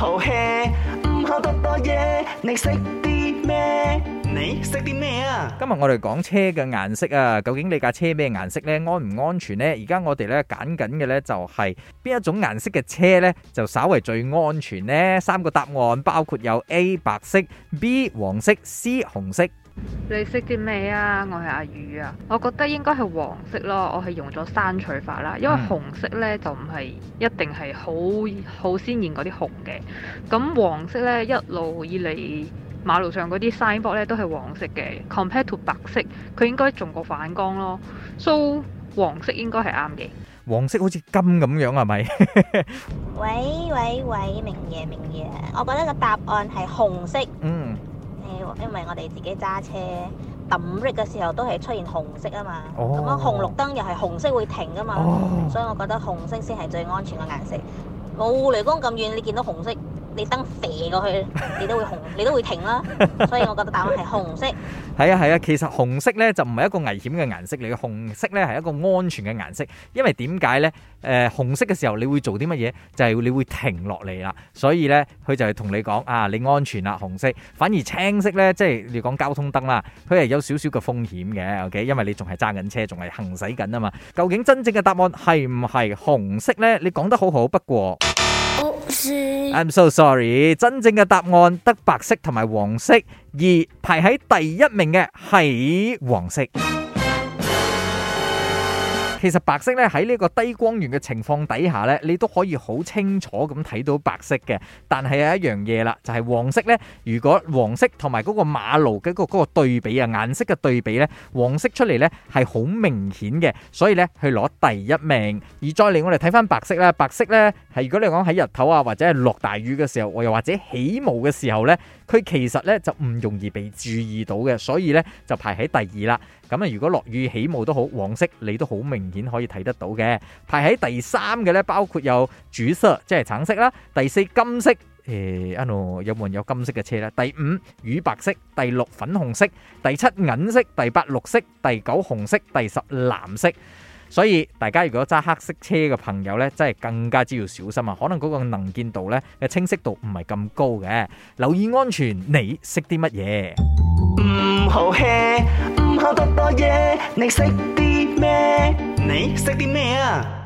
淘氣唔好多多嘢，你識。 你識啲咩啊？今日我哋講車嘅顏色啊，究竟你架車咩顏色呢？安唔安全呢？而家我哋咧揀緊嘅呢就係、是、邊一種顏色嘅車呢？就稍為最安全呢。三個答案包括有 A 白色、B 黃色、C 紅色。你識啲咩啊？我係阿宇啊，我覺得應該係黃色咯。我係用咗刪除法啦，因為紅色呢、嗯、就唔係一定係好好鮮艷嗰啲紅嘅。咁黃色呢，一路以嚟。馬路上嗰啲 signboard 咧都係黃色嘅，Compared to 白色，佢應該仲過反光咯，So, 黃色應該係啱嘅。黃色好似金咁樣係咪？喂喂喂，明嘢明嘢，我覺得個答案係紅色。嗯，因為我哋自己揸車抌碌嘅時候都係出現紅色啊嘛，咁樣紅綠燈又係紅色會停㗎嘛，所以我覺得紅色先係最安全嘅顏色。冇雷公咁遠，你見到紅色。你燈射過去，你都會紅，你都會停啦，所以我覺得答案係紅色。係 啊係啊，其實紅色呢就唔係一個危險嘅顏色，你嘅紅色呢係一個安全嘅顏色，因為點解呢？誒、呃，紅色嘅時候你會做啲乜嘢？就係、是、你會停落嚟啦。所以呢，佢就係同你講啊，你安全啦，紅色。反而青色呢，即係你講交通燈啦，佢係有少少嘅風險嘅。O、okay? K，因為你仲係揸緊車，仲係行駛緊啊嘛。究竟真正嘅答案係唔係紅色呢？你講得好好，不過。I'm so sorry，真正嘅答案得白色同埋黃色，而排喺第一名嘅係黃色。其實白色咧，喺呢個低光源嘅情況底下咧，你都可以好清楚咁睇到白色嘅。但係有一樣嘢啦，就係、是、黃色咧。如果黃色同埋嗰個馬路嘅個嗰個對比啊，顏色嘅對比咧，黃色出嚟咧，係好明顯嘅，所以呢，去攞第一名。而再嚟我哋睇翻白色啦，白色呢，係如果你講喺日頭啊或者係落大雨嘅時候，又或者起霧嘅時候呢，佢其實呢就唔容易被注意到嘅，所以呢，就排喺第二啦。咁啊，如果落雨起霧都好，黃色你都好明顯顯可以睇得到嘅，排喺第三嘅咧，包括有主色，即係橙色啦；第四金色，誒，一路有冇人有金色嘅車咧？第五乳白色，第六粉紅色，第七銀色，第八綠色，第九紅色，第十藍色。所以大家如果揸黑色車嘅朋友咧，真係更加之要小心啊！可能嗰個能見度咧嘅清晰度唔係咁高嘅，留意安全。你識啲乜嘢？咩？你識啲咩啊？